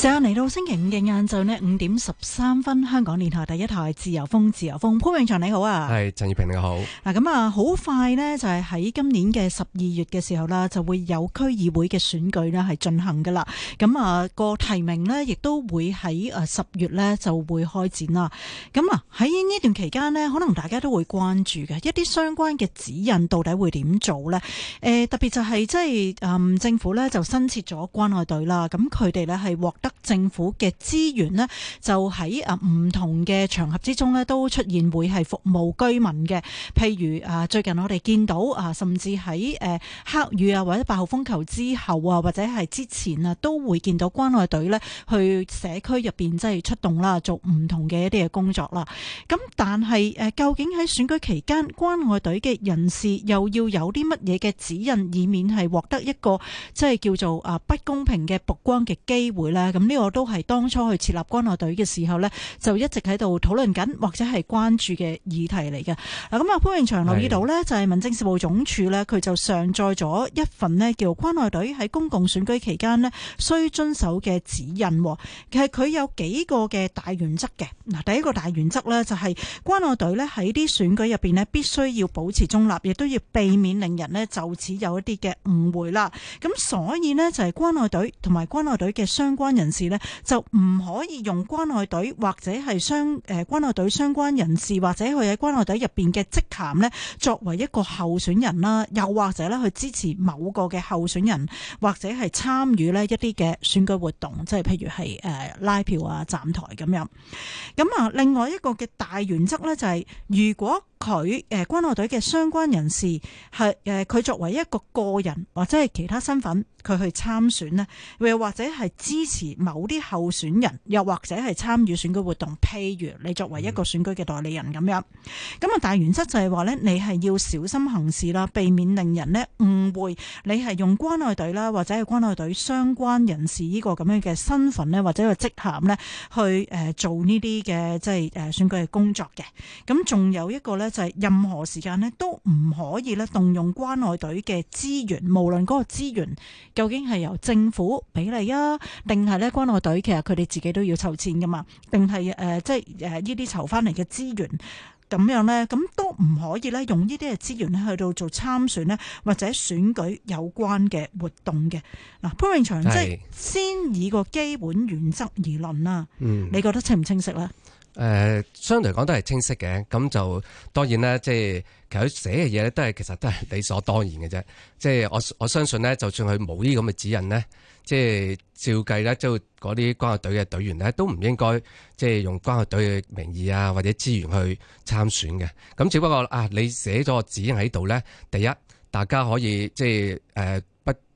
成日嚟到星期五嘅晏晝呢，五點十三分，香港電台第一台《自由風》，自由風，潘永祥你好啊，係陳怡平你好。嗱咁啊，好快呢，就係、是、喺今年嘅十二月嘅時候啦，就會有區議會嘅選舉啦係進行噶啦。咁啊，個提名呢亦都會喺誒十月呢就會開展啦。咁啊，喺呢段期間呢，可能大家都會關注嘅一啲相關嘅指引到底會點做咧？誒、呃，特別就係、是、即係嗯政府咧就新設咗關愛隊啦，咁佢哋咧係獲得。政府嘅資源呢，就喺啊唔同嘅場合之中呢，都出現會係服務居民嘅。譬如啊，最近我哋見到啊，甚至喺誒黑雨啊，或者八號風球之後啊，或者係之前啊，都會見到關愛隊呢去社區入邊即係出動啦，做唔同嘅一啲嘅工作啦。咁但係誒，究竟喺選舉期間，關愛隊嘅人士又要有啲乜嘢嘅指引，以免係獲得一個即係叫做啊不公平嘅曝光嘅機會咧？咁呢個都係當初去設立關愛隊嘅時候呢，就一直喺度討論緊或者係關注嘅議題嚟嘅。嗱，啊，咁啊潘永祥留意到呢，的就係民政事務總署呢，佢就上載咗一份呢，叫《關愛隊喺公共選舉期間呢，須遵守嘅指引》。其實佢有幾個嘅大原則嘅。嗱，第一個大原則呢，就係關愛隊呢，喺啲選舉入面呢，必須要保持中立，亦都要避免令人呢就此有一啲嘅誤會啦。咁所以呢，就係關愛隊同埋關愛隊嘅相關人。事呢就唔可以用關愛隊或者係相、誒關愛隊相關人士或者佢喺關愛隊入邊嘅職銜呢作為一個候選人啦，又或者呢去支持某個嘅候選人，或者係參與呢一啲嘅選舉活動，即係譬如係誒拉票啊、站台咁樣。咁啊，另外一個嘅大原則呢就係如果。佢誒關愛隊嘅相關人士係誒佢作為一個個人或者係其他身份，佢去參選咧，又或者係支持某啲候選人，又或者係參與選舉活動，譬如你作為一個選舉嘅代理人咁樣。咁啊，大原則就係話呢，你係要小心行事啦，避免令人呢誤會你係用關愛隊啦或者係關愛隊相關人士呢個咁樣嘅身份呢，或者個職銜呢，去誒、呃、做呢啲嘅即係誒、呃、選舉嘅工作嘅。咁仲有一個呢。就係任何時間咧，都唔可以咧動用關愛隊嘅資源，無論嗰個資源究竟係由政府俾你啊，定係咧關愛隊，其實佢哋自己都要籌錢噶嘛，定係誒即係誒呢啲籌翻嚟嘅資源咁樣咧，咁都唔可以咧用呢啲嘅資源咧去到做參選咧或者選舉有關嘅活動嘅。嗱潘永祥，即係是先以個基本原則而論啦，嗯、你覺得清唔清晰咧？誒、呃、相對嚟講都係清晰嘅，咁就當然啦，即係佢寫嘅嘢咧，都係其實都係理所當然嘅啫。即係我我相信咧，就算佢冇呢咁嘅指引咧，即係照計咧，即係嗰啲關愛隊嘅隊員咧，都唔應該即係用關愛隊嘅名義啊或者資源去參選嘅。咁只不過啊，你寫咗個指引喺度咧，第一，大家可以即係、呃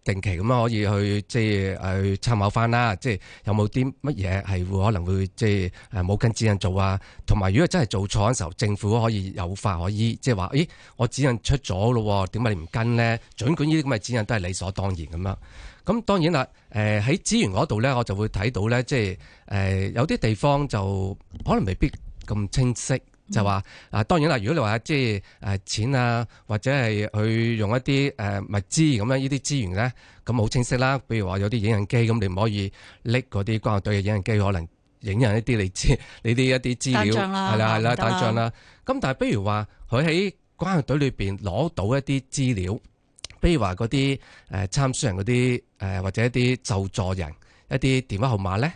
定期咁樣可以去即係誒參考翻啦，即係有冇啲乜嘢係會可能會即係誒冇跟指引做啊？同埋如果真係做錯嘅時候，政府可以有法可依，即係話：咦，我指引出咗咯，點解你唔跟呢？儘管呢啲咁嘅指引都係理所當然咁樣。咁當然啦，誒喺資源嗰度咧，我就會睇到咧，即係誒、呃、有啲地方就可能未必咁清晰。嗯、就話啊，當然啦！如果你話即係誒錢啊，或者係去用一啲誒、呃、物資咁樣呢啲資源咧，咁好清晰啦。比如話有啲影印機，咁你唔可以拎嗰啲關愛隊嘅影印機，可能影印一啲你知你啲一啲資料，打章啦，冇得啦。咁行但係不如話佢喺關愛隊裏邊攞到一啲資料，譬如話嗰啲誒參選人嗰啲誒或者一啲就助人一啲電話號碼咧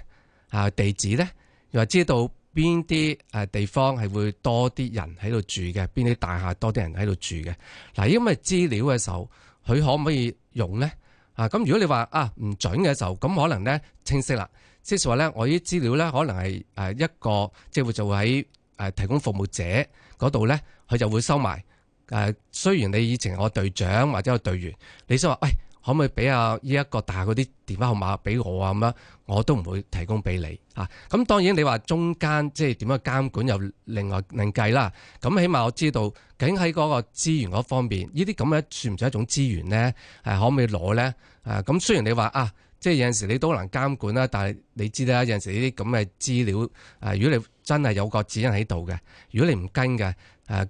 啊地址咧，又話知道。邊啲誒地方係會多啲人喺度住嘅？邊啲大廈多啲人喺度住嘅？嗱，因為資料嘅時候，佢可唔可以用咧？啊，咁如果你話啊唔準嘅時候，咁、就是，可能咧清晰啦，即係話咧，我啲資料咧可能係誒一個，即、就、係、是、會做喺誒提供服務者嗰度咧，佢就會收埋誒、啊。雖然你以前我隊長或者我隊員，你想話喂？哎可唔可以俾啊？呢一個大嗰啲電話號碼俾我啊？咁樣我都唔會提供俾你啊！咁當然你話中間即係點樣監管，又另外另計啦。咁起碼我知道，竟喺嗰個資源嗰方面，呢啲咁嘅算唔算一種資源咧？誒、啊，可唔可以攞咧？誒、啊，咁雖然你話啊，即係有陣時你都能監管啦，但係你知啦，有陣時呢啲咁嘅資料，誒、啊，如果你真係有個指引喺度嘅，如果你唔跟嘅，誒、啊。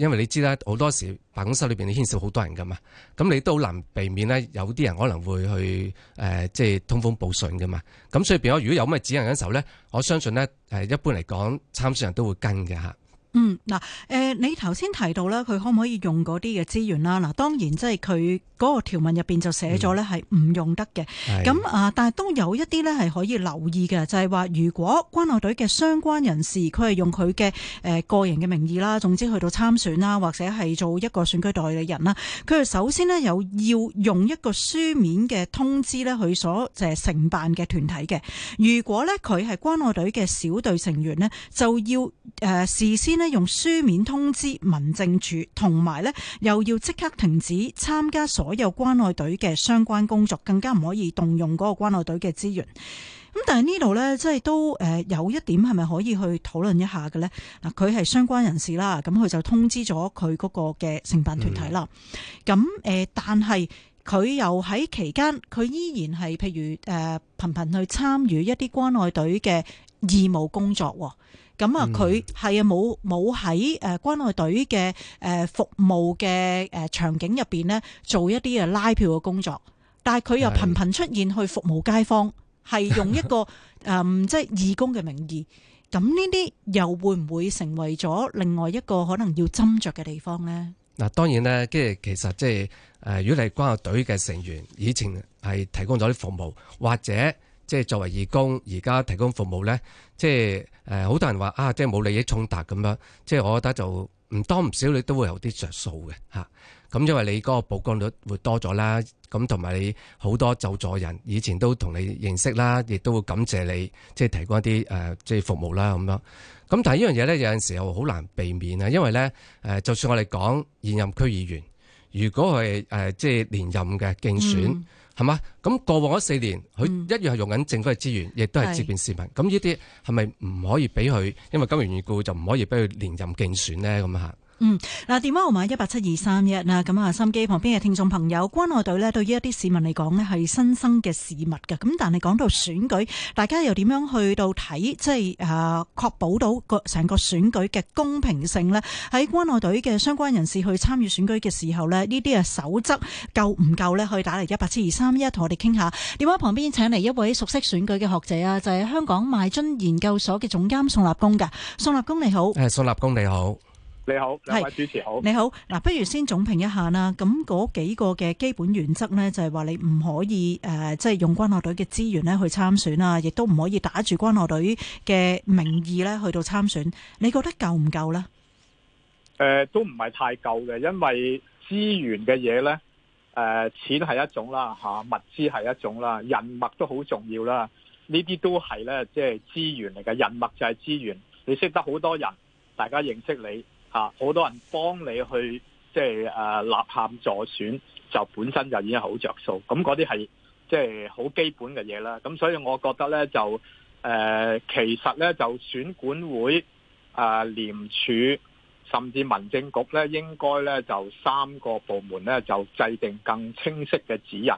因為你知啦，好多時辦公室裏邊你牽涉好多人噶嘛，咁你都好難避免咧，有啲人可能會去誒、呃，即係通風報信噶嘛。咁所以變咗，如果有咩指引嘅時候咧，我相信咧誒，一般嚟講參選人都會跟嘅嚇。嗯，嗱，誒，你頭先提到咧，佢可唔可以用嗰啲嘅資源啦？嗱，當然即係佢嗰個條文入邊就寫咗咧，係唔用得嘅。咁啊、嗯，但係都有一啲咧係可以留意嘅，就係、是、話如果關愛隊嘅相關人士，佢係用佢嘅誒個人嘅名義啦，總之去到參選啦，或者係做一個選舉代理人啦，佢係首先咧有要用一個書面嘅通知咧，佢所誒承辦嘅團體嘅。如果咧佢係關愛隊嘅小隊成員咧，就要誒、呃、事先。用書面通知民政署，同埋咧又要即刻停止參加所有關愛隊嘅相關工作，更加唔可以動用嗰個關愛隊嘅資源。咁但係呢度呢，即係都誒有一點係咪可以去討論一下嘅呢？嗱，佢係相關人士啦，咁佢就通知咗佢嗰個嘅承辦團體啦。咁誒，但係佢又喺期間，佢依然係譬如誒頻頻去參與一啲關愛隊嘅義務工作。咁啊，佢係啊冇冇喺誒關愛隊嘅誒服務嘅誒場景入邊呢，做一啲嘅拉票嘅工作，但係佢又頻頻出現去服務街坊，係用一個誒即係義工嘅名義。咁呢啲又會唔會成為咗另外一個可能要斟酌嘅地方呢？嗱，當然啦，即係其實即係誒，如果你係關愛隊嘅成員，以前係提供咗啲服務，或者。即係作為義工而家提供服務咧，即係誒好多人話啊，即係冇利益衝突咁樣，即係我覺得就唔多唔少你都會有啲着數嘅嚇。咁因為你嗰個曝光率會多咗啦，咁同埋你好多就座人以前都同你認識啦，亦都會感謝你即係提供一啲誒即係服務啦咁樣。咁但係呢樣嘢咧，有陣時候好難避免啊，因為咧誒就算我哋講現任區議員，如果係誒即係連任嘅競選。嗯係嘛？咁過往嗰四年，佢一樣係用緊政府嘅資源，亦都係接見市民。咁呢啲係咪唔可以俾佢？因為金融預告就唔可以俾佢連任競選呢？咁嚇。嗯，嗱，電話號碼一八七二三一啦，咁啊，收機旁邊嘅聽眾朋友，關愛隊呢對於一啲市民嚟講呢係新生嘅事物噶，咁但係講到選舉，大家又點樣去到睇，即係誒，確保到個成個選舉嘅公平性呢？喺關愛隊嘅相關人士去參與選舉嘅時候呢，呢啲啊守則夠唔夠呢，可以打嚟一八七二三一，同我哋傾下。電話旁邊請嚟一位熟悉選舉嘅學者啊，就係香港邁臻研究所嘅總監宋立功嘅。宋立功你好，誒、呃，宋立功你好。你好，兩位主持好。你好，嗱，不如先總評一下啦。咁嗰幾個嘅基本原則咧，就係話你唔可以誒，即係用關愛隊嘅資源咧去參選啊，亦都唔可以打住關愛隊嘅名義咧去到參選。你覺得夠唔夠咧？誒，都唔係太夠嘅，因為資源嘅嘢咧，誒，錢係一種啦，吓物資係一種啦，人脈都好重要啦。呢啲都係咧，即係資源嚟嘅，人脈就係資源。你識得好多人，大家認識你。啊！好多人幫你去即係誒吶喊助選，就本身就已經好着數。咁嗰啲係即係好基本嘅嘢啦。咁所以我覺得呢，就誒、呃、其實呢，就選管會、呃、廉署甚至民政局呢，應該呢，就三個部門呢，就制定更清晰嘅指引。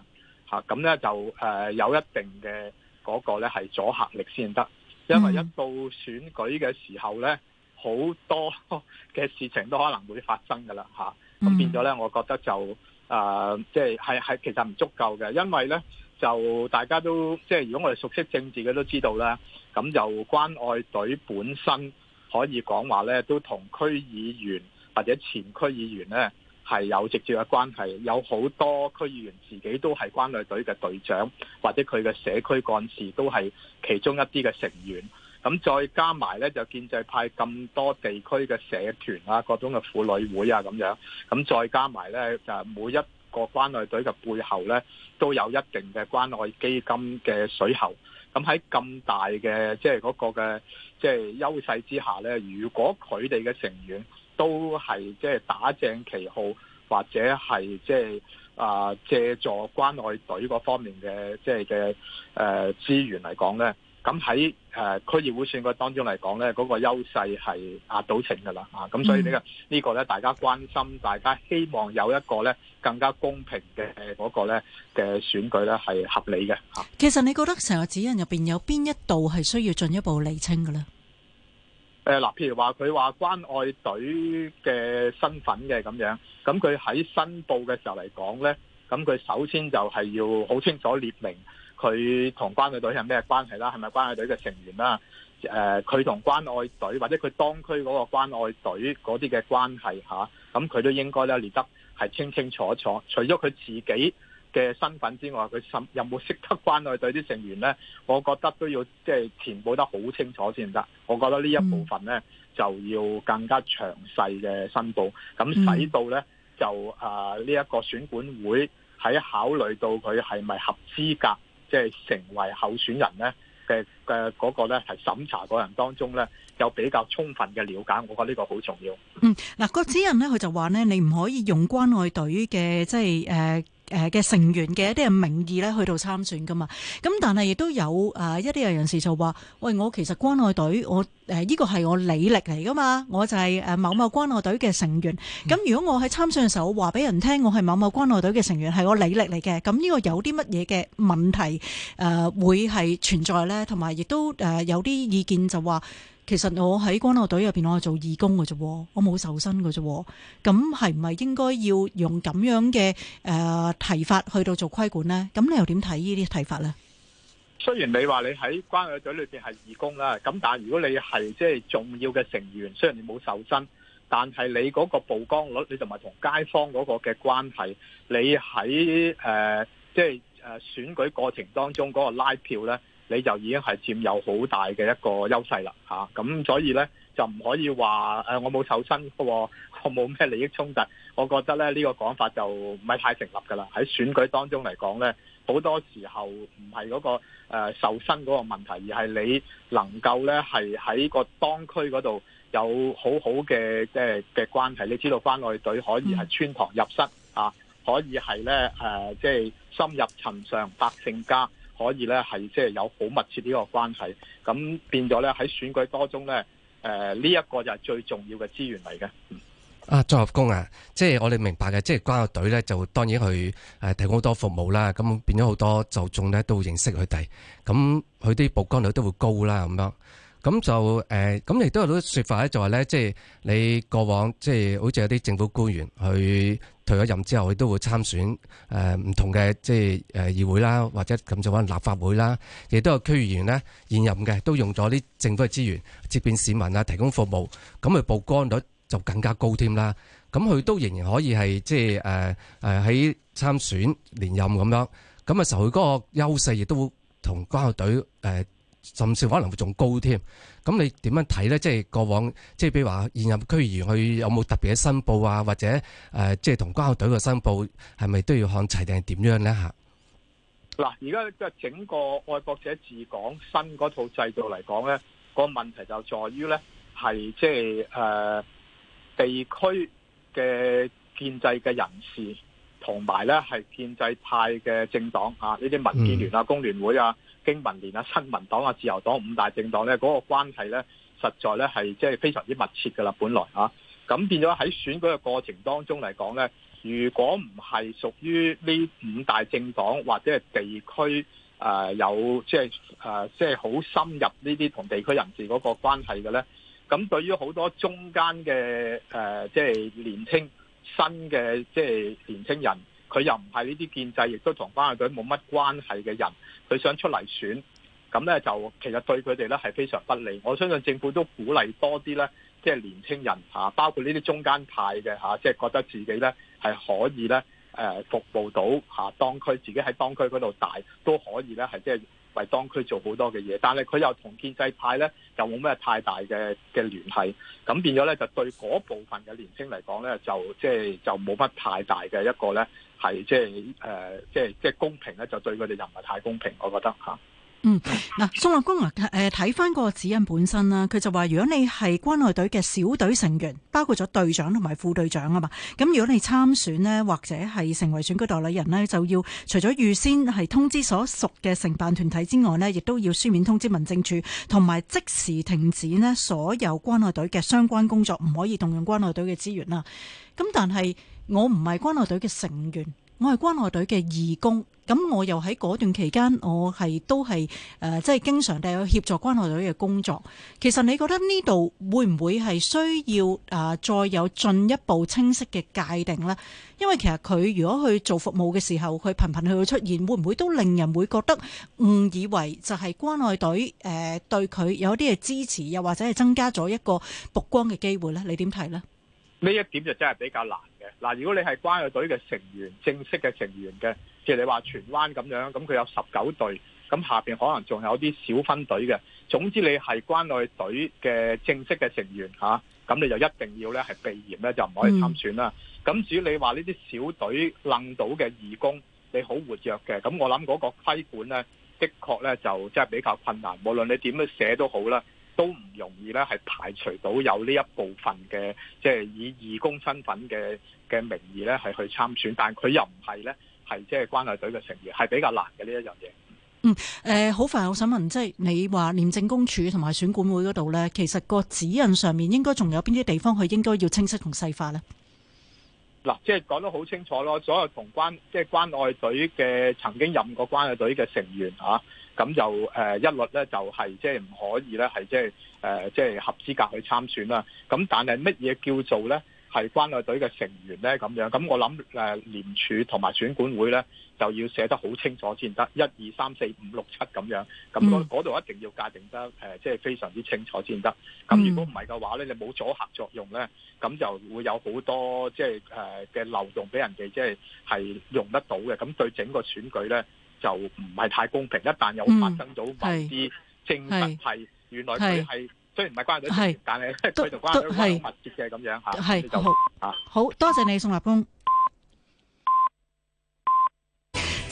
嚇咁呢就誒、呃、有一定嘅嗰個呢係阻嚇力先得，因為一到選舉嘅時候呢。嗯好多嘅事情都可能會發生噶啦，嚇咁、嗯、變咗咧，我覺得就誒，即係係其實唔足夠嘅，因為咧就大家都即係、就是、如果我哋熟悉政治嘅都知道啦。咁就關愛隊本身可以講話咧，都同區議員或者前區議員咧係有直接嘅關係，有好多區議員自己都係關愛隊嘅隊長，或者佢嘅社區幹事都係其中一啲嘅成員。咁再加埋呢，就建制派咁多地區嘅社團啊，各種嘅婦女會啊，咁樣，咁再加埋呢，就每一個關愛隊嘅背後呢，都有一定嘅關愛基金嘅水喉。咁喺咁大嘅即係嗰個嘅即係優勢之下呢，如果佢哋嘅成員都係即係打正旗號，或者係即係啊借助關愛隊嗰方面嘅即係嘅誒資源嚟講呢。咁喺誒區議會選舉當中嚟講咧，嗰、那個優勢係壓倒性噶啦，咁所以呢個呢咧，嗯、個大家關心，大家希望有一個咧更加公平嘅嗰個咧嘅選舉咧，係合理嘅。其實你覺得成個指引入面有邊一度係需要進一步釐清嘅咧？誒嗱、呃，譬如話佢話關愛隊嘅身份嘅咁樣，咁佢喺申報嘅時候嚟講咧，咁佢首先就係要好清楚列明。佢同關愛隊係咩關係啦？係咪關愛隊嘅成員啦？呃、佢同關愛隊或者佢當區嗰個關愛隊嗰啲嘅關係下，咁佢都應該咧列得係清清楚楚。除咗佢自己嘅身份之外，佢甚有冇識得關愛隊啲成員咧？我覺得都要即係、就是、填報得好清楚先得。我覺得呢一部分咧、嗯、就要更加詳細嘅申報，咁使到咧就呢一、啊呢個選管會喺考慮到佢係咪合資格？即係成為候選人咧嘅嘅嗰個咧，係審查過程當中咧，有比較充分嘅了解，我覺得呢個好重要。嗯，嗱、那個，個指引咧，佢就話咧，你唔可以用關愛隊嘅，即係誒。呃嘅、呃、成員嘅一啲嘅名義咧，去到參選噶嘛，咁但係亦都有一啲嘅人士就話，喂，我其實關愛隊，我呢個係我履歷嚟噶嘛，我就係某某關愛隊嘅成員。咁、嗯、如果我喺參選嘅時候，話俾人聽，我係某某關愛隊嘅成員，係我履歷嚟嘅。咁呢個有啲乜嘢嘅問題誒會係存在咧？同埋亦都誒有啲意見就話，其實我喺關愛隊入邊，我係做義工嘅啫，我冇受薪嘅啫。咁係唔係應該要用咁樣嘅誒提法去到做規管呢？咁你又點睇呢啲睇法呢？雖然你話你喺關愛隊裏邊係義工啦，咁但係如果你係即係重要嘅成員，雖然你冇受薪，但係你嗰個曝光率，你同埋同街坊嗰個嘅關係，你喺誒即係誒選舉過程當中嗰個拉票呢。你就已經係佔有好大嘅一個優勢啦，啊，嚇咁所以呢，就唔可以話誒我冇受薪，我冇咩利益衝突，我覺得咧呢、呢個講法就唔係太成立㗎啦。喺選舉當中嚟講呢，好多時候唔係嗰個、呃、受薪嗰個問題，而係你能夠呢係喺個當區嗰度有好好嘅即係嘅關係，你知道關愛隊可以係穿堂入室啊，可以係呢，誒即係深入尋常百姓家。所以咧，係即係有好密切呢個關係，咁變咗咧喺選舉當中咧，誒呢一個就係最重要嘅資源嚟嘅。啊，宋立功啊，即係我哋明白嘅，即係關愛隊咧，就當然去誒提供好多服務啦。咁變咗好多受眾咧都認識佢哋，咁佢啲曝光率都會高啦。咁樣咁就誒，咁亦都有啲說法咧，就話咧，即係你過往即係好似有啲政府官員去。退咗任之後，佢都會參選誒唔同嘅即係誒議會啦，或者咁就可能立法會啦，亦都有區議員呢，現任嘅都用咗啲政府嘅資源接見市民啊，提供服務，咁佢曝光率就更加高添啦。咁佢都仍然可以係即係誒誒喺參選連任咁樣咁嘅時候，佢嗰個優勢亦都同關愛隊誒甚至可能會仲高添。咁你點樣睇咧？即係過往，即係比如話現任區議員去有冇特別嘅申報啊？或者誒，即係同關愛隊嘅申報，係咪都要看齊定係點樣咧？嚇！嗱，而家嘅整個愛國者治港新嗰套制度嚟講咧，個問題就在於咧，係即係誒地區嘅建制嘅人士，同埋咧係建制派嘅政黨啊，呢啲民建聯啊、工聯會啊。經民聯啊、新民黨啊、自由黨五大政黨咧，嗰個關係咧，實在咧係即係非常之密切噶啦。本來啊，咁變咗喺選舉嘅過程當中嚟講咧，如果唔係屬於呢五大政黨或者係地區誒、呃、有即係誒即係好深入呢啲同地區人士嗰個關係嘅咧，咁對於好多中間嘅誒即係年輕新嘅即係年青人。佢又唔係呢啲建制，亦都同翻佢冇乜關係嘅人，佢想出嚟選，咁呢，就其實對佢哋呢係非常不利。我相信政府都鼓勵多啲呢，即係年輕人嚇，包括呢啲中間派嘅嚇，即係覺得自己呢係可以呢誒服務到嚇當區，自己喺當區嗰度大都可以呢，係即係為當區做好多嘅嘢。但係佢又同建制派呢，又冇咩太大嘅嘅聯繫，咁變咗呢，就對嗰部分嘅年輕嚟講呢，就即係就冇乜太大嘅一個呢。係即係誒，即係即係公平咧，就對佢哋又唔係太公平，我覺得吓。嗯，嗱、嗯，宋立功啊，誒，睇翻個指引本身啦，佢就話，如果你係關愛隊嘅小隊成員，包括咗隊長同埋副隊長啊嘛，咁如果你參選呢，或者係成為選舉代理人呢，就要除咗預先係通知所屬嘅承辦團體之外呢，亦都要書面通知民政處，同埋即時停止呢所有關愛隊嘅相關工作，唔可以動用關愛隊嘅資源啦。咁但係。我唔係關愛隊嘅成員，我係關愛隊嘅義工。咁我又喺嗰段期間，我係都係誒、呃，即係經常地去協助關愛隊嘅工作。其實你覺得呢度會唔會係需要、呃、再有進一步清晰嘅界定呢？因為其實佢如果去做服務嘅時候，佢頻頻去出現，會唔會都令人會覺得誤以為就係關愛隊誒對佢有一啲嘅支持，又或者係增加咗一個曝光嘅機會呢？你點睇呢？呢一點就真係比較難。嗱，如果你係關愛隊嘅成員，正式嘅成員嘅，即係你話荃灣咁樣，咁佢有十九隊，咁下邊可能仲有啲小分隊嘅，總之你係關愛隊嘅正式嘅成員嚇，咁你就一定要咧係避嫌咧，就唔可以參選啦。咁、嗯、至於你話呢啲小隊掄到嘅義工，你好活躍嘅，咁我諗嗰個規管咧，的確咧就即係比較困難，無論你點樣寫都好啦。都唔容易咧，係排除到有呢一部分嘅，即係以義工身份嘅嘅名義咧，係去參選。但佢又唔係咧，係即係關愛隊嘅成員，係比較難嘅呢一樣嘢。嗯，誒、呃，好煩，我想問，即係你話廉政公署同埋選管會嗰度咧，其實個指引上面應該仲有邊啲地方佢應該要清晰同細化咧？嗱，即係講得好清楚咯，所有同關即係關愛隊嘅曾經任過關愛隊嘅成員啊。咁就誒一律咧，就係即係唔可以咧，係即係誒即係合資格去參選啦。咁但係乜嘢叫做咧係關愛隊嘅成員咧？咁樣咁我諗誒廉署同埋選管會咧就要寫得好清楚先得，一二三四五六七咁樣。咁嗰嗰度一定要界定得誒，即係非常之清楚先得。咁如果唔係嘅話咧，你冇阻嚇作用咧，咁就會有好多即係誒嘅漏洞俾人哋即係係用得到嘅。咁對整個選舉咧，.就唔係太公平，一旦有發生咗，某啲證實係原來佢係。是雖然唔係關佢事，但係佢就關佢關到密切嘅咁樣吓，係就好啊，是好，好，啊好多謝你宋立功。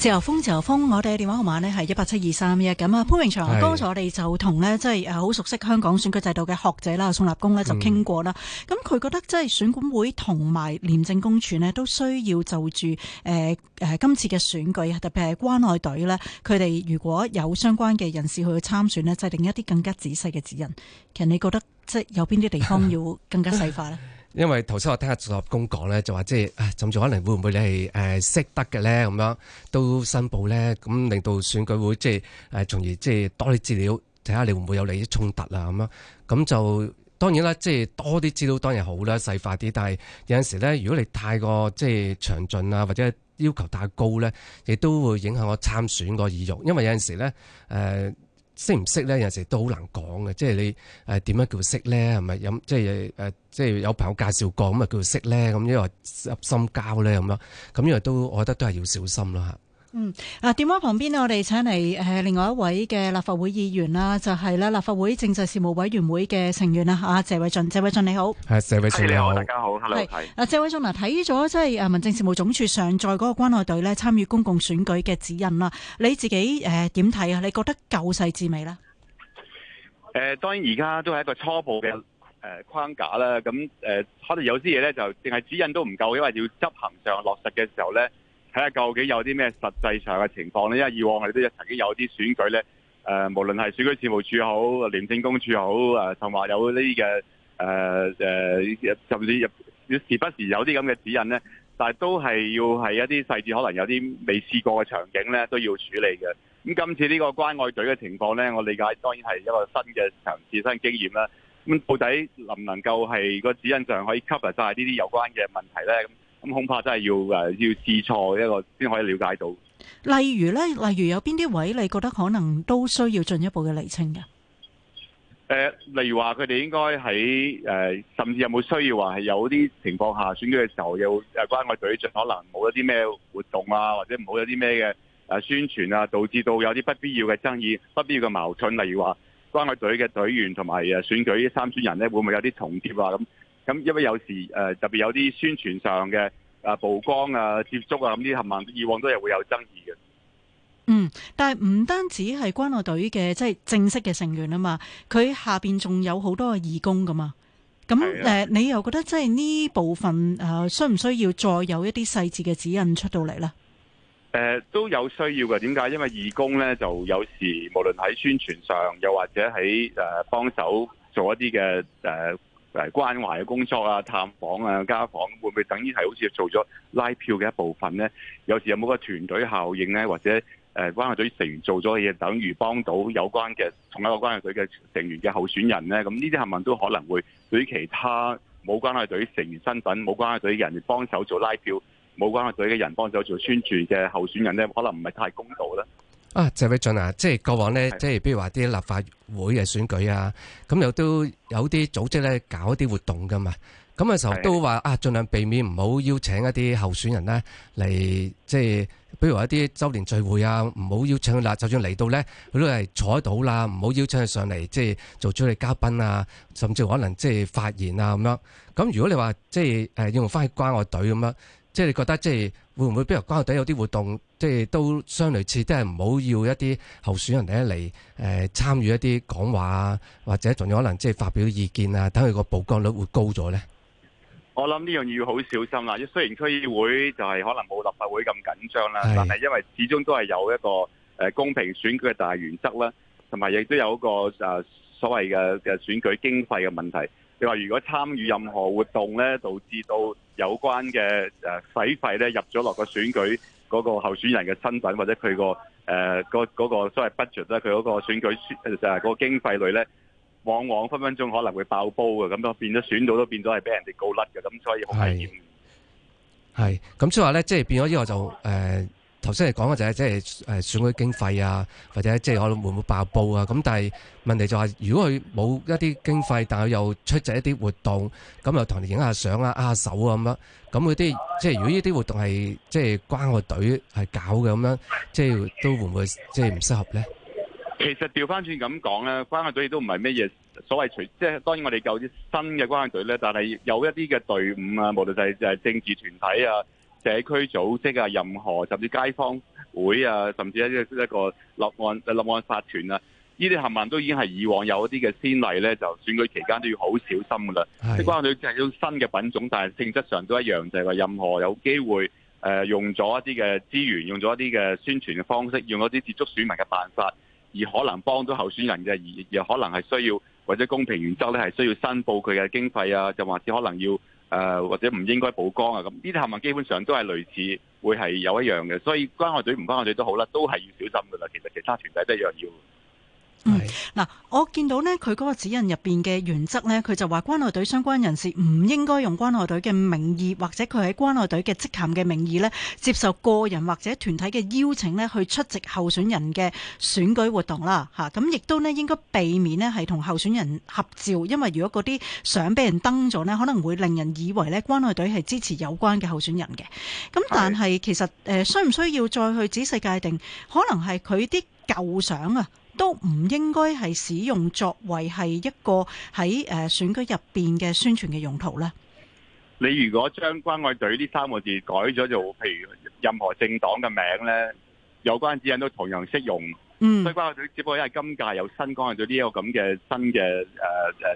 自由風，自由風，我哋嘅電話號碼呢係一八七二三一。咁啊，潘榮祥，剛才我哋就同呢，是的 即係好熟悉香港選舉制度嘅學者啦，宋立功呢就傾過啦。咁佢、嗯、覺得即係選管會同埋廉政公署呢都需要就住誒誒今次嘅選舉特別係關愛隊呢。佢哋如果有相關嘅人士去參選呢，制定一啲更加仔細嘅指引。其實你覺得即係有邊啲地方要更加細化呢？ 因為頭先我聽阿立功講咧，就話即係啊，甚至可能會唔會你係誒識得嘅咧，咁樣都申報咧，咁令到選舉會即係誒，從而即係多啲資料，睇下你會唔會有利益衝突啊咁樣。咁就當然啦，即係多啲資料當然好啦，細化啲。但係有陣時咧，如果你太過即係詳盡啊，或者要求太高咧，亦都會影響我參選個意欲，因為有陣時咧誒。呃識唔識咧，有陣時都好難講嘅，即係你誒點、呃、樣叫識咧，係咪咁？即係誒，即係有朋友介紹過咁啊叫佢識咧，咁因為入心交咧咁樣，咁因為都我覺得都係要小心啦吓。嗯，啊，電話旁邊咧，我哋請嚟誒，另外一位嘅立法會議員啦，啊，就係、是、咧、啊、立法會政制事務委員會嘅成員啦，啊，謝偉俊，謝偉俊你好，係、啊、謝偉俊你好，大家好，Hello，係，啊，謝偉俊嗱，睇咗即係誒，民政事務總署上載嗰個關愛隊咧參與公共選舉嘅指引啦，你自己誒點睇啊？你覺得夠細致未咧？誒、呃，當然而家都係一個初步嘅誒、呃、框架啦，咁誒、呃，可能有啲嘢咧就淨係指引都唔夠，因為要執行上落實嘅時候咧。睇下究竟有啲咩實際上嘅情況咧？因為以往我哋都曾經有啲選舉咧，誒、呃，無論係選舉事務處好、廉政公署好，誒、呃呃呃，甚至有啲嘅誒誒，甚至入要時不時有啲咁嘅指引咧，但係都係要係一啲細節，可能有啲未試過嘅場景咧，都要處理嘅。咁今次呢個關愛隊嘅情況咧，我理解當然係一個新嘅層自新經驗啦。咁到底能唔能夠係、那個指引上可以吸 o v 呢啲有關嘅問題咧？咁恐怕真係要誒要試錯一個先可以了解到。例如咧，例如有邊啲位，你覺得可能都需要進一步嘅釐清嘅？誒、呃，例如話佢哋應該喺誒、呃，甚至有冇需要話係有啲情況下選舉嘅時候有，有誒關愛隊盡可能冇咗啲咩活動啊，或者冇咗啲咩嘅誒宣傳啊，導致到有啲不必要嘅爭議、不必要嘅矛盾。例如話關愛隊嘅隊員同埋誒選舉參選人咧，會唔會有啲重疊啊？咁、嗯？咁因為有時誒、呃、特別有啲宣傳上嘅啊、呃、曝光啊、接觸啊，咁啲冚唪唥以往都係會有爭議嘅。嗯，但係唔單止係關愛隊嘅，即、就、係、是、正式嘅成員啊嘛，佢下邊仲有好多嘅義工噶嘛。咁誒的、呃，你又覺得即係呢部分誒、呃，需唔需要再有一啲細節嘅指引出到嚟咧？誒、呃，都有需要嘅。點解？因為義工咧，就有時無論喺宣傳上，又或者喺誒幫手做一啲嘅誒。呃嚟關懷嘅工作啊、探訪啊、家訪，會唔會等於係好似做咗拉票嘅一部分呢？有時有冇個團隊效應呢？或者誒關愛隊成員做咗嘅嘢，等於幫到有關嘅同一個關愛隊嘅成員嘅候選人呢？咁呢啲問問都可能會對其他冇關愛隊成員身份、冇關愛隊嘅人幫手做拉票、冇關愛隊嘅人幫手做宣傳嘅候選人呢，可能唔係太公道呢。啊，謝偉俊啊，即係過往咧，即係比如話啲立法會嘅選舉啊，咁又都有啲組織咧搞一啲活動噶嘛，咁嘅時候都話是的 啊，儘量避免唔好邀請一啲候選人咧嚟，即係比如話一啲周年聚會啊，唔好邀請啦。就算嚟到咧，佢都係坐得到啦，唔好邀請佢上嚟，即係做主禮嘉賓啊，甚至可能即係發言啊咁樣。咁如果你話即係誒要用翻去關愛隊咁樣，即係你覺得即係。會唔會邊日瓜底有啲活動，即係都相類似，即係唔好要一啲候選人咧嚟誒參與一啲講話啊，或者仲有可能即係發表意見啊？等佢個曝光率會高咗咧。我諗呢樣嘢要好小心啦。雖然區議會就係可能冇立法會咁緊張啦，是但係因為始終都係有一個誒公平選舉嘅大原則啦，同埋亦都有一個誒所謂嘅嘅選舉經費嘅問題。你話如果參與任何活動咧，導致到有關嘅誒使費咧入咗落個選舉嗰個候選人嘅身份，或者佢、呃嗰個誒、嗰個嗰個所謂 budget 咧，佢嗰個選舉誒就係個經費類咧，往往分分鐘可能會爆煲嘅，咁都變咗選到都變咗係俾人哋告甩嘅，咁所以好危險。係，咁所以話咧，即係變咗之後就誒。呃頭先你講嘅就係即係誒選舉經費啊，或者即係我哋會唔會爆煲啊？咁但係問題就係，如果佢冇一啲經費，但係又出席一啲活動，咁又同你影下相啊、握手啊咁樣，咁嗰啲即係如果呢啲活動係即係關愛隊係搞嘅咁樣，即係都會唔會即係唔適合咧？其實調翻轉咁講咧，關愛隊亦都唔係咩嘢，所謂除即係當然我哋有啲新嘅關愛隊咧，但係有一啲嘅隊伍啊，無論就係政治團體啊。社區組織啊，任何甚至街坊會啊，甚至一一個立案立案法團啊，呢啲行為都已經係以往有一啲嘅先例咧，就選舉期間都要好小心噶啦。即係話佢係一種新嘅品種，但係性質上都一樣，就係話任何有機會用咗一啲嘅資源，用咗一啲嘅宣傳嘅方式，用一啲接觸選民嘅辦法，而可能幫到候選人嘅，而可能係需要或者公平原則咧，係需要申報佢嘅經費啊，就或者可能要。誒或者唔應該曝光啊，咁呢啲行為基本上都係類似，會係有一樣嘅，所以關愛隊唔關愛隊都好啦，都係要小心㗎啦。其實其他團體都一樣要。是嗯，嗱，我見到呢，佢嗰個指引入面嘅原則呢，佢就話關愛隊相關人士唔應該用關愛隊嘅名義或者佢喺關愛隊嘅職銜嘅名義呢，接受個人或者團體嘅邀請呢，去出席候選人嘅選舉活動啦。嚇，咁，亦都呢應該避免呢係同候選人合照，因為如果嗰啲相俾人登咗呢，可能會令人以為呢關愛隊係支持有關嘅候選人嘅。咁但係其實誒是、呃，需唔需要再去仔細界定？可能係佢啲舊相啊。都唔應該係使用作為係一個喺誒選舉入邊嘅宣傳嘅用途咧。你如果將關愛隊呢三個字改咗做，譬如任何政黨嘅名咧，有關指引都同樣適用。嗯，所以關愛隊只不過因為今屆有新關愛隊呢個咁嘅新嘅誒誒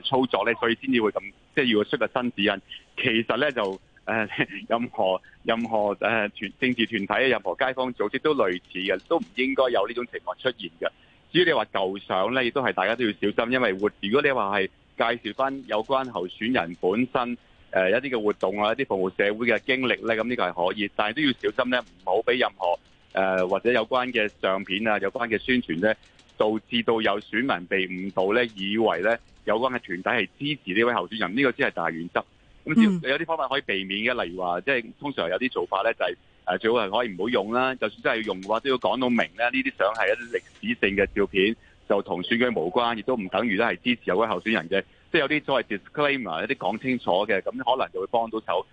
操作咧，所以先至會咁，即係如果出個新指引，其實咧就誒、呃、任何任何誒團、呃、政治團體、任何街坊組織都類似嘅，都唔應該有呢種情況出現嘅。至於你話舊相咧，亦都係大家都要小心，因為活如果你話係介紹翻有關候選人本身誒一啲嘅活動啊、一啲服務社會嘅經歷咧，咁呢個係可以，但係都要小心咧，唔好俾任何誒或者有關嘅相片啊、有關嘅宣傳咧，導致到有選民被誤導咧，以為咧有關嘅團體係支持呢位候選人，呢個先係大原則。咁有啲方法可以避免嘅，例如話即係通常有啲做法咧就係。誒最好係可以唔好用啦。就算真係要用嘅話都要講到明咧。呢啲相係一啲歷史性嘅照片，就同選舉無關，亦都唔等於咧係支持有位候選人嘅。即係有啲所謂 disclaimer 一啲講清楚嘅，咁可能就會幫到手。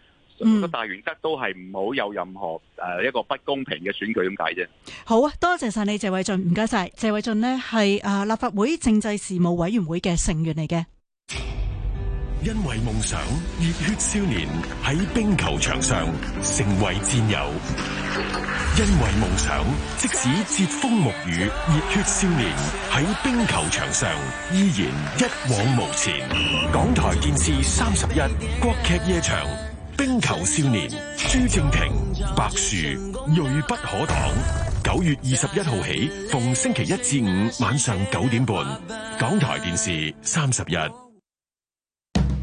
嗯、但係原則都係唔好有任何誒一個不公平嘅選舉咁解啫。好啊，多謝晒你謝偉俊，唔該晒，謝偉俊咧，係誒立法會政制事務委員會嘅成員嚟嘅。因為夢想，熱血少年喺冰球場上成為戰友。因為夢想，即使櫛風沐雨，熱血少年喺冰球場上依然一往無前。港台電視三十一國劇夜場《冰球少年》，朱正廷、白澍，銳不可擋。九月二十一號起，逢星期一至五晚上九點半，港台電視三十一。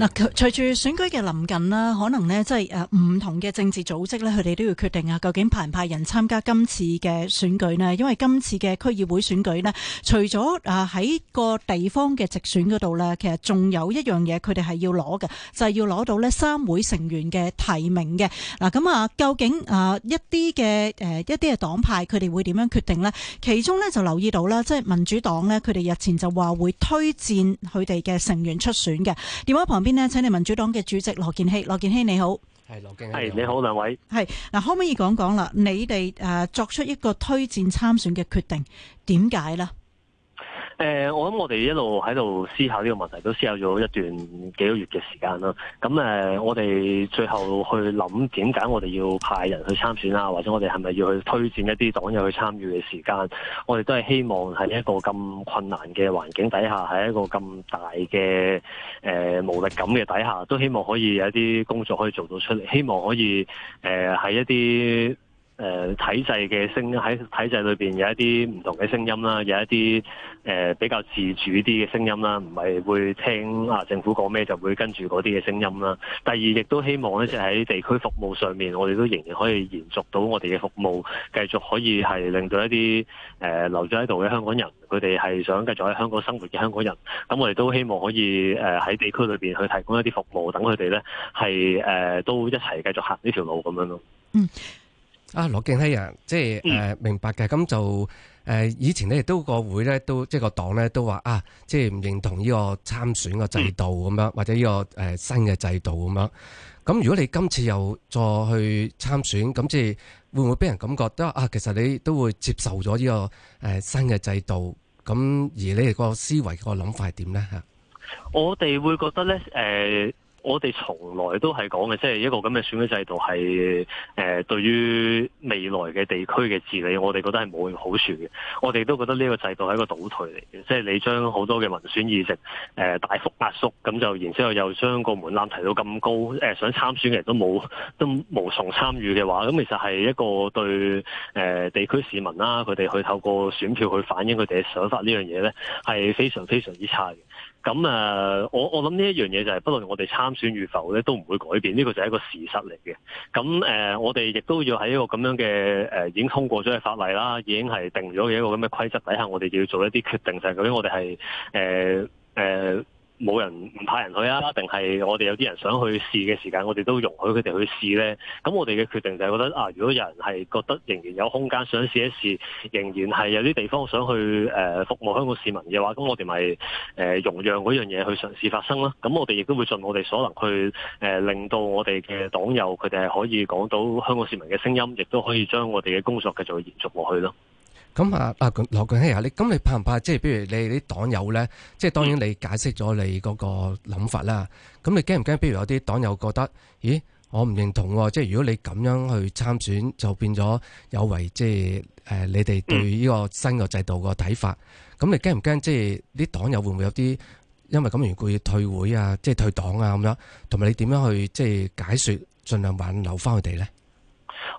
嗱，隨住選舉嘅臨近啦，可能呢，即係誒唔同嘅政治組織呢，佢哋都要決定啊，究竟派唔派人參加今次嘅選舉呢，因為今次嘅區議會選舉呢，除咗喺個地方嘅直選嗰度呢，其實仲有一樣嘢佢哋係要攞嘅，就係要攞到呢三會成員嘅提名嘅。嗱，咁啊，究竟誒一啲嘅誒一啲嘅黨派佢哋會點樣決定呢？其中呢，就留意到啦，即係民主黨呢，佢哋日前就話會推薦佢哋嘅成員出選嘅。電話旁邊。先請你民主黨嘅主席羅健熙，羅健熙你好，係羅健熙，係你好兩位，係。嗱，可唔可以講講啦？你哋誒作出一個推薦參選嘅決定，點解呢？誒、呃，我諗我哋一路喺度思考呢個問題，都思考咗一段幾個月嘅時間啦。咁誒、呃，我哋最後去諗點解我哋要派人去參選啊，或者我哋係咪要去推薦一啲黨友去參與嘅時間？我哋都係希望喺一個咁困難嘅環境底下，喺一個咁大嘅誒、呃、無力感嘅底下，都希望可以有一啲工作可以做到出嚟，希望可以誒喺、呃、一啲。誒體制嘅聲，喺體制裏面有一啲唔同嘅聲音啦，有一啲誒、呃、比較自主啲嘅聲音啦，唔係會聽啊政府講咩就會跟住嗰啲嘅聲音啦。第二，亦都希望咧，即係喺地區服務上面，我哋都仍然可以延續到我哋嘅服務，繼續可以係令到一啲誒、呃、留咗喺度嘅香港人，佢哋係想繼續喺香港生活嘅香港人，咁我哋都希望可以誒喺地區裏面去提供一啲服務，等佢哋咧係誒都一齊繼續行呢條路咁樣咯。嗯。啊，羅健熙啊，即係誒、呃、明白嘅，咁就誒、呃、以前你哋都個會咧都即係個黨咧都話啊，即係唔認同呢個參選個制度咁樣，嗯、或者呢、這個誒、呃、新嘅制度咁樣。咁如果你今次又再去參選，咁即係會唔會俾人感覺得啊？其實你都會接受咗呢、這個誒、呃、新嘅制度。咁而你哋個思維個諗法係點咧？吓，我哋會覺得咧誒。呃我哋從來都係講嘅，即係一個咁嘅選舉制度係，誒、呃，對於未來嘅地區嘅治理，我哋覺得係冇好處嘅。我哋都覺得呢個制度係一個倒退嚟嘅，即係你將好多嘅民選議席，誒、呃，大幅壓縮，咁就然之後又將個門檻提到咁高，誒、呃，想參選嘅人都冇，都無從參與嘅話，咁其實係一個對，誒、呃，地區市民啦、啊，佢哋去透過選票去反映佢哋嘅想法呢樣嘢咧，係非常非常之差嘅。咁誒，我我諗呢一樣嘢就係，不論我哋參選與否咧，都唔會改變，呢個就係一個事實嚟嘅。咁誒、呃，我哋亦都要喺一個咁樣嘅誒、呃，已經通過咗嘅法例啦，已經係定咗嘅一個咁嘅規則底下，我哋要做一啲決定，就係、是、究竟我哋係誒誒冇人唔派人去啊？定係我哋有啲人想去試嘅時間，我哋都容許佢哋去試呢。咁我哋嘅決定就係覺得啊，如果有人係覺得仍然有空間想試一試，仍然係有啲地方想去誒、呃、服務香港市民嘅話，咁我哋咪誒容讓嗰樣嘢去嘗試發生啦。咁我哋亦都會盡我哋所能去誒、呃，令到我哋嘅黨友佢哋係可以講到香港市民嘅聲音，亦都可以將我哋嘅工作繼續延續落去咯。咁啊啊羅健熙啊，你咁你怕唔怕？即係譬如你啲黨友咧，即係當然你解釋咗你嗰個諗法啦。咁、嗯、你驚唔驚？譬如有啲黨友覺得，咦，我唔認同，即係如果你咁樣去參選，就變咗有違即係誒，你哋對呢個新嘅制度個睇法。咁、嗯、你驚唔驚？即係啲黨友會唔會有啲因為咁緣故，要退會啊？即係退黨啊？咁樣，同埋你點樣去即係解說，盡量挽留翻佢哋咧？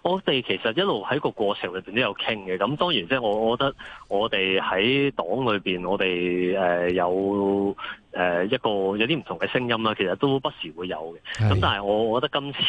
我哋其實一路喺個過程裏面都有傾嘅，咁當然即係我，我覺得我哋喺黨裏邊我，我、呃、哋有誒、呃、一個有啲唔同嘅聲音啦，其實都不時會有嘅。咁但係我，我覺得今次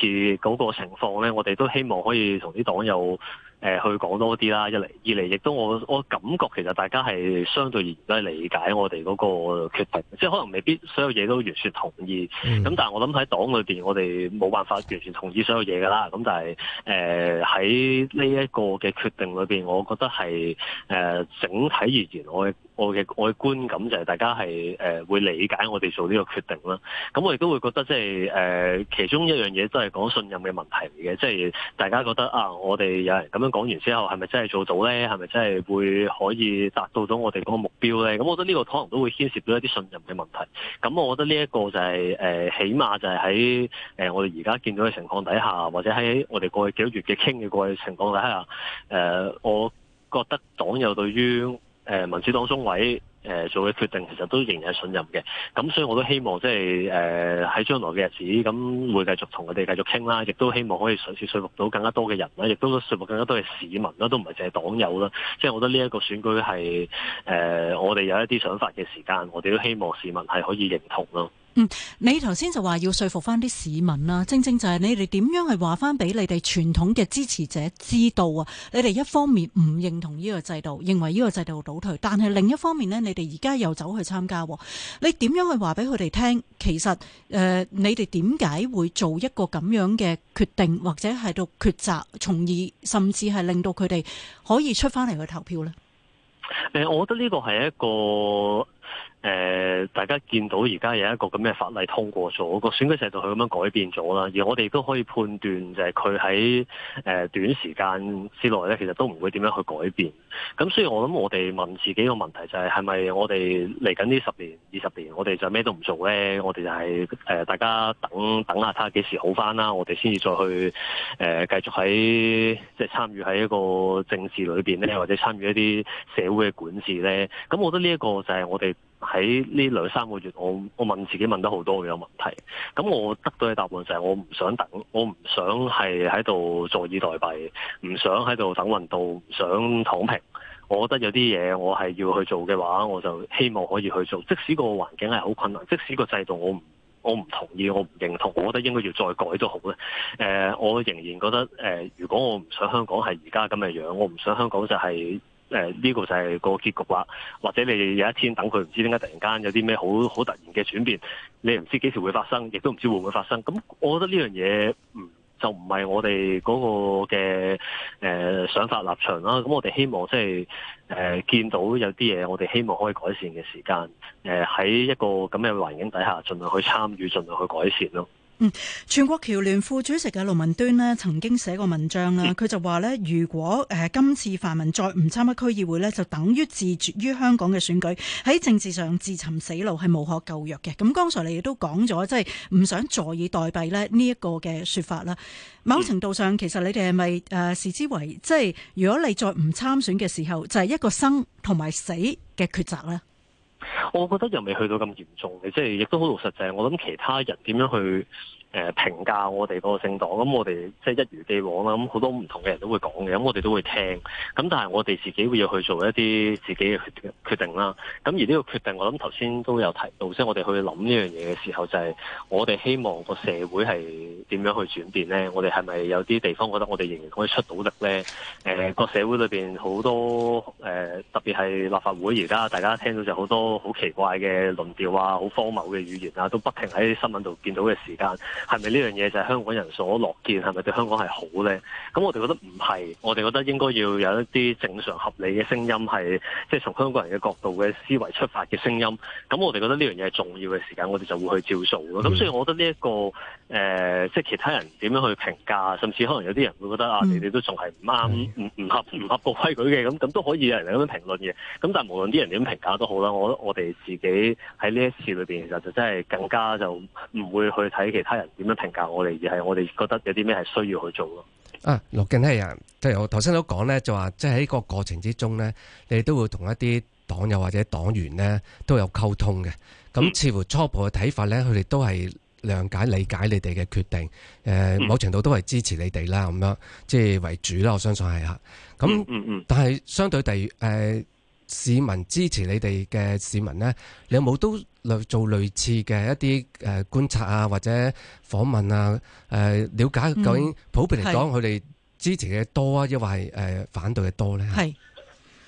嗰個情況呢，我哋都希望可以同啲黨友，誒去講多啲啦，一嚟二嚟，亦都我我感覺其實大家係相對而言都係理解我哋嗰個決定，即係可能未必所有嘢都完全同意。咁、嗯、但係我諗喺黨裏面，我哋冇辦法完全同意所有嘢㗎啦。咁但係誒喺呢一個嘅決定裏面，我覺得係誒、呃、整體而言，我我嘅外觀感就係大家係誒、呃、會理解我哋做呢個決定啦。咁、嗯、我亦都會覺得即係誒其中一樣嘢都係講信任嘅問題嚟嘅，即、就、係、是、大家覺得啊，我哋有人咁樣講完之後，係咪真係做到咧？係咪真係會可以達到到我哋嗰個目標咧？咁、嗯、我覺得呢個可能都會牽涉到一啲信任嘅問題。咁、嗯、我覺得呢一個就係、是、誒、呃，起碼就係喺誒我哋而家見到嘅情況底下，或者喺我哋過去幾個月嘅傾嘅過去情況底下，誒、呃，我覺得黨友對於誒、呃、民主黨中委誒、呃、做嘅決定，其實都仍然係信任嘅。咁所以我都希望即係誒喺將來嘅日子，咁會繼續同佢哋繼續傾啦。亦都希望可以嘗試説服到更加多嘅人啦，亦都説服更加多嘅市民啦，都唔係淨係黨友啦。即係我覺得呢一個選舉係誒、呃、我哋有一啲想法嘅時間，我哋都希望市民係可以認同咯。嗯，你頭先就話要說服翻啲市民啦，正正就係你哋點樣去話翻俾你哋傳統嘅支持者知道啊？你哋一方面唔認同呢個制度，認為呢個制度倒退，但係另一方面呢，你哋而家又走去參加，你點樣去話俾佢哋聽？其實誒、呃，你哋點解會做一個咁樣嘅決定，或者係到抉擇，從而甚至係令到佢哋可以出翻嚟去投票呢？誒、呃，我覺得呢個係一個誒。呃大家見到而家有一個咁嘅法例通過咗，個選舉制度佢咁樣改變咗啦，而我哋都可以判斷就係佢喺短時間之內咧，其實都唔會點樣去改變。咁所以我諗我哋問自己個問題就係，係咪我哋嚟緊呢十年、二十年，我哋就咩都唔做咧？我哋就係、誒呃、大家等等下睇下幾時好翻啦，我哋先至再去誒、呃、繼續喺即係參與喺一個政治裏邊咧，或者參與一啲社會嘅管治咧。咁我覺得呢一個就係我哋。喺呢兩三個月，我我問自己問得好多嘅問題，咁我得到嘅答案就係我唔想等，我唔想係喺度坐以待斃，唔想喺度等運到，唔想躺平。我覺得有啲嘢我係要去做嘅話，我就希望可以去做，即使個環境係好困難，即使個制度我唔我唔同意，我唔認同，我覺得應該要再改都好咧。誒，我仍然覺得誒，如果我唔想香港係而家咁嘅樣，我唔想香港就係……誒呢個就係個結局啦，或者你有一天等佢唔知點解突然間有啲咩好好突然嘅轉變，你唔知幾時會發生，亦都唔知會唔會發生。咁我覺得呢樣嘢，就唔係我哋嗰個嘅誒想法立場啦。咁我哋希望即係誒見到有啲嘢，我哋希望可以改善嘅時間，誒、呃、喺一個咁嘅環境底下，儘量去參與，儘量去改善咯。嗯，全國僑聯副主席嘅盧文端咧、啊，曾經寫過文章啦、啊，佢就話咧，如果誒、呃、今次泛民再唔參加區議會咧，就等於自絕於香港嘅選舉，喺政治上自尋死路係無可救藥嘅。咁、嗯、剛才你亦都講咗，即係唔想坐以待斃咧呢一，這個嘅說法啦。某程度上，嗯、其實你哋係咪誒視之為，即、就、係、是、如果你再唔參選嘅時候，就係、是、一個生同埋死嘅抉擇咧？我覺得又未去到咁嚴重嘅，即係亦都好老實嘅。我諗其他人點樣去誒評價我哋個政黨，咁我哋即係一如既往啦。咁好多唔同嘅人都會講嘅，咁我哋都會聽。咁但係我哋自己會要去做一啲自己嘅決定啦。咁而呢個決定，我諗頭先都有提到，即係我哋去諗呢樣嘢嘅時候，就係我哋希望個社會係點樣去轉變呢？我哋係咪有啲地方覺得我哋仍然可以出到力呢？誒個社會裏面好多誒，特別係立法會而家大家聽到就好多好奇怪嘅論調啊，好荒謬嘅語言啊，都不停喺新聞度見到嘅時間。係咪呢樣嘢就係香港人所樂見？係咪對香港係好咧？咁我哋覺得唔係，我哋覺得應該要有一啲正常合理嘅聲音是，係即係從香港人嘅角度嘅思維出發嘅聲音。咁我哋覺得呢樣嘢係重要嘅時間，我哋就會去照做咯。咁所以我覺得呢、這、一個誒、呃，即係其他人點樣去評價，甚至可能有啲人會覺得啊，你哋都仲係唔啱，唔合唔合個規矩嘅。咁咁都可以有人咁樣評論嘅。咁但係無論啲人點評價都好啦，我覺得我哋自己喺呢一次裏邊，其實就真係更加就唔會去睇其他人。點樣評價我哋，而係我哋覺得有啲咩係需要去做咯。啊，羅健熙啊，即、就、係、是、我頭先都講咧，就話即係喺個過程之中咧，你都會同一啲黨友或者黨員咧都有溝通嘅。咁似乎初步嘅睇法咧，佢哋都係諒解、理解你哋嘅決定。誒、呃，某程度都係支持你哋啦，咁樣即係、就是、為主啦。我相信係吓。咁，嗯嗯嗯但係相對第誒。呃市民支持你哋嘅市民呢，你有冇都做類似嘅一啲誒觀察啊，或者訪問啊，誒、呃、了解究竟普遍嚟講佢哋支持嘅多啊，抑或係誒反對嘅多呢？係。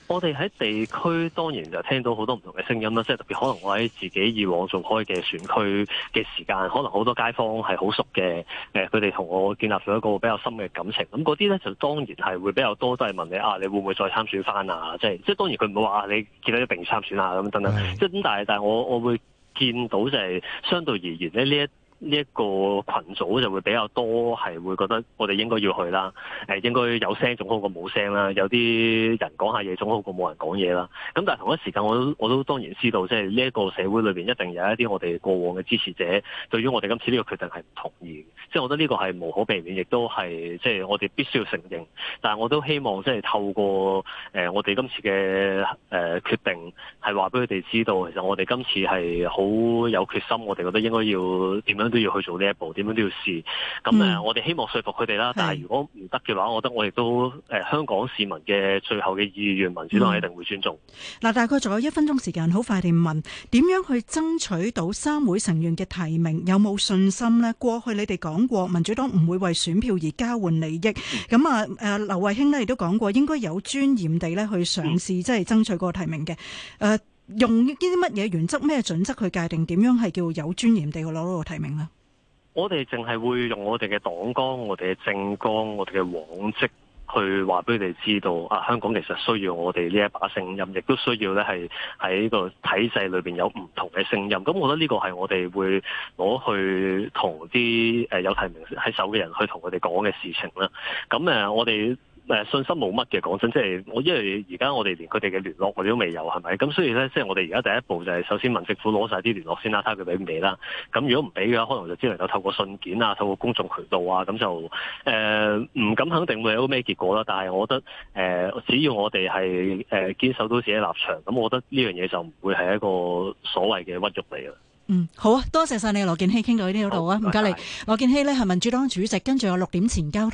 我哋喺地區當然就聽到好多唔同嘅聲音啦，即係特別可能我喺自己以往做開嘅選區嘅時間，可能好多街坊係好熟嘅，誒佢哋同我建立咗一個比較深嘅感情，咁嗰啲咧就當然係會比較多都係問你啊，你會唔會再參選翻啊？即係即係當然佢唔會話你見到一定參選啊咁等等，即係咁但係但係我我會見到就係相對而言咧呢一呢一個群組就會比較多，係會覺得我哋應該要去啦。誒應該有聲總好過冇聲啦，有啲人講下嘢總好過冇人講嘢啦。咁但係同一時間我都我都當然知道，即係呢一個社會裏邊一定有一啲我哋過往嘅支持者，對於我哋今次呢個決定係唔同意。即係我覺得呢個係無可避免，亦都係即係我哋必須要承認，但係我都希望即係透過誒我哋今次嘅誒決定，係話俾佢哋知道，其實我哋今次係好有決心，我哋覺得應該要點樣。都要去做呢一步，點樣都要試。咁誒，嗯、我哋希望說服佢哋啦。但係如果唔得嘅話，的我覺得我亦都誒、呃、香港市民嘅最後嘅意願，民主黨一定會尊重。嗱、嗯，大概仲有一分鐘時間，好快地問點樣去爭取到三會成員嘅提名？有冇信心咧？過去你哋講過，民主黨唔會為選票而交換利益。咁啊誒，劉、呃、慧卿咧亦都講過，應該有尊嚴地咧去嘗試，嗯、即係爭取個提名嘅。誒、呃。用呢啲乜嘢原則咩準則去界定點樣係叫有尊嚴地去攞到個提名咧？我哋淨係會用我哋嘅黨綱、我哋嘅政綱、我哋嘅往績，去話俾佢哋知道。啊香港其實需要我哋呢一把聲音，亦都需要咧係喺個體制裏邊有唔同嘅聲音。咁我覺得呢個係我哋會攞去同啲誒有提名喺手嘅人去同佢哋講嘅事情啦。咁誒，我哋。信心冇乜嘅，講真，即係我因為而家我哋連佢哋嘅聯絡我哋都未有，係咪？咁所以咧，即係我哋而家第一步就係首先問政府攞晒啲聯絡先啦，睇下佢俾唔俾啦。咁如果唔俾嘅話，可能就只能夠透過信件啊，透過公眾渠道啊，咁就誒唔、呃、敢肯定會有咩結果啦。但係我覺得誒、呃，只要我哋係誒堅守到自己立場，咁我覺得呢樣嘢就唔會係一個所謂嘅屈辱嚟啦。嗯，好啊，多謝晒你羅健熙，傾到呢度啊，唔該你。羅健熙咧係民主黨主席，跟住我六點前交。